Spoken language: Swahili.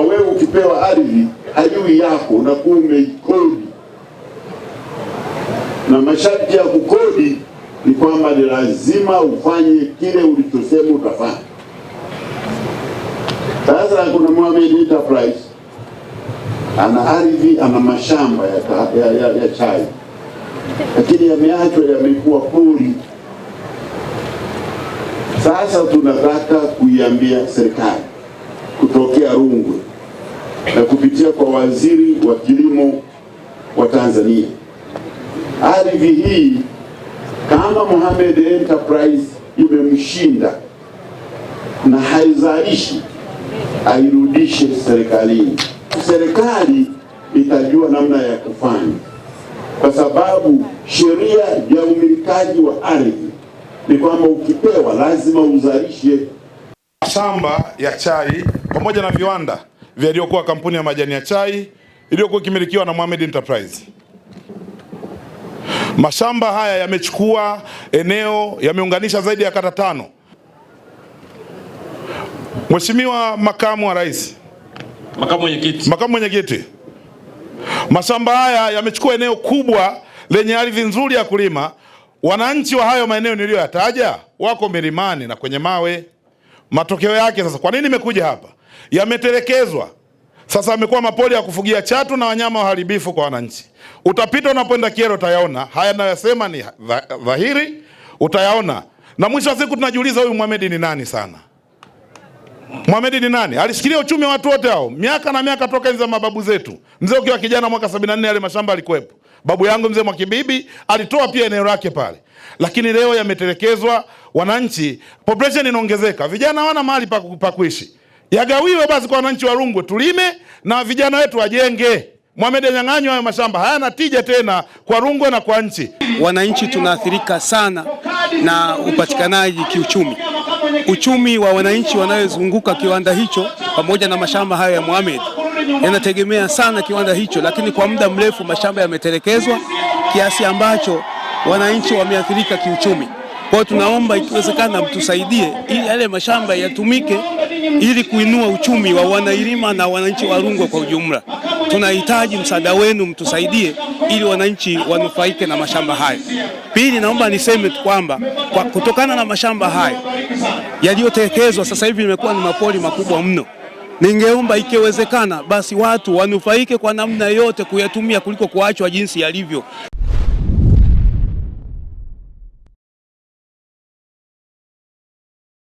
kwamba wewe ukipewa ardhi hajui yako, unakuwa umeikodi, na masharti ya kukodi ni kwamba ni lazima ufanye kile ulichosema utafanya. Sasa kuna Mohamed Enterprise ana ardhi, ana mashamba ya, ta, ya, ya, ya chai lakini yameachwa yamekuwa pori. Sasa tunataka kuiambia serikali kutokea Rungwe na kupitia kwa waziri wa kilimo wa Tanzania. Ardhi hii kama Mohamed Enterprise imemshinda na haizalishi, airudishe serikalini. Serikali itajua namna ya kufanya, kwa sababu sheria ya umilikaji wa ardhi ni kwamba ukipewa lazima uzalishe. Shamba ya chai pamoja na viwanda vya iliyokuwa kampuni ya majani ya chai iliyokuwa ikimilikiwa na Mohamed Enterprise. Mashamba haya yamechukua eneo, yameunganisha zaidi ya kata tano. Mheshimiwa Makamu wa Rais, Makamu Mwenyekiti, Makamu Mwenyekiti, mashamba haya yamechukua eneo kubwa lenye ardhi nzuri ya kulima. Wananchi wa hayo maeneo niliyoyataja wako milimani na kwenye mawe. Matokeo yake sasa, kwa nini nimekuja hapa? yametelekezwa, sasa amekuwa mapori ya kufugia chatu na wanyama waharibifu kwa wananchi. Utapita unapoenda Kiero utayaona haya nayosema ni dhahiri, utayaona na mwisho wa siku tunajiuliza huyu Mohamed ni nani sana? Mohamed ni nani? Alishikilia uchumi wa watu wote hao miaka na miaka toka enzi za mababu zetu. Mzee ukiwa kijana mwaka 74 yale mashamba alikuwepo. Babu yangu mzee Mwakibibi alitoa pia eneo lake pale. Lakini leo yametelekezwa wananchi, population inaongezeka. Vijana hawana mahali pa kuishi yagawiwe basi kwa wananchi wa Rungwe, tulime na vijana wetu wajenge. Mohamed anyang'anywa hayo mashamba, hayana tija tena kwa Rungwe na kwa nchi. Wananchi tunaathirika sana na upatikanaji kiuchumi. Uchumi wa wananchi wanayozunguka kiwanda hicho pamoja na mashamba hayo ya Mohamed yanategemea sana kiwanda hicho, lakini kwa muda mrefu mashamba yametelekezwa kiasi ambacho wananchi wameathirika kiuchumi. Kwa hiyo tunaomba ikiwezekana, mtusaidie ili yale mashamba yatumike ili kuinua uchumi wa wanailima na wananchi wa Rungwe kwa ujumla. Tunahitaji msaada wenu, mtusaidie ili wananchi wanufaike na mashamba hayo. Pili, naomba niseme tu kwamba kwa kutokana na mashamba hayo yaliyotekezwa sasa hivi imekuwa ni mapori makubwa mno. Ningeomba ikiwezekana, basi watu wanufaike kwa namna yote kuyatumia kuliko kuachwa jinsi yalivyo.